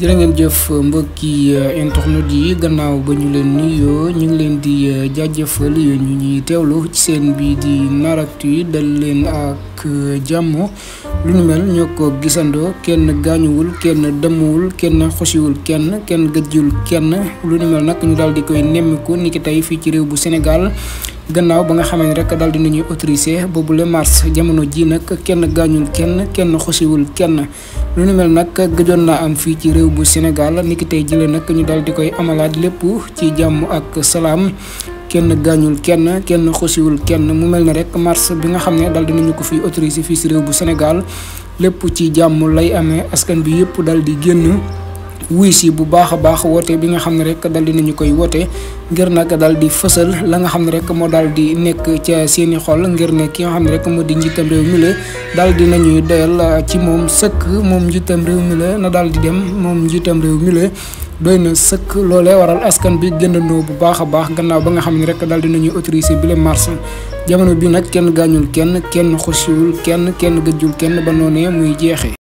jërë ngeen jëf mbokki euh, internet yi gannaaw ba ñu leen nuyoo ñu ngi leen di euh, jaajëfal yéen ñu ñuy teewlu ci seen bii di naraktu yi dal leen ak euh, jàmm lu nu mel ñoo ko gisandoo kenn gaañuwul kenn demuwul kenn xosiwul kenn kenn gëjjul kenn lu nu nag ñu daal di koy nemmiku niki tey fii ci réew bu Sénégal gannaaw ba nga xamee ne rek dal di nañuy autorisé boobu le mars jamono ji nag kenn gaañul kenn kenn xosiwul kenn lu ni mel nag gëjoon na am fii ci réew bu Sénégal niki tey jëlee nag ñu daal di koy amalaat lépp ci jàmm ak salaam kenn gaañul kenn kenn xosiwul kenn mu mel ne rek mars bi nga xam ne daal nañu ko fi autorisé fii si réew bu senegal lépp ci jàmm lay amee askan bi yëpp daal di génn. wuy si bu baax a baax woote bi nga xam ne rek dal di nañu koy woote ngir nag dal di fësal la nga xam ne rek moo daal di nekk ca seeni xol ngir ne ki nga xam ne rek moo di njiitam réew mi la daal di doyal uh, ci moom sëkk moom njiitam réew mi la na di dem moom njiitam réew mi la doy na sëkk loolee waral askan bi gëndandoo bu baax a baax gannaaw ba nga xam ne rek daal di nañuy autorisé bile mars jamono bi nag kenn gaañul kenn kenn kenn kenn gëjjul kenn ba noonee muy jeexee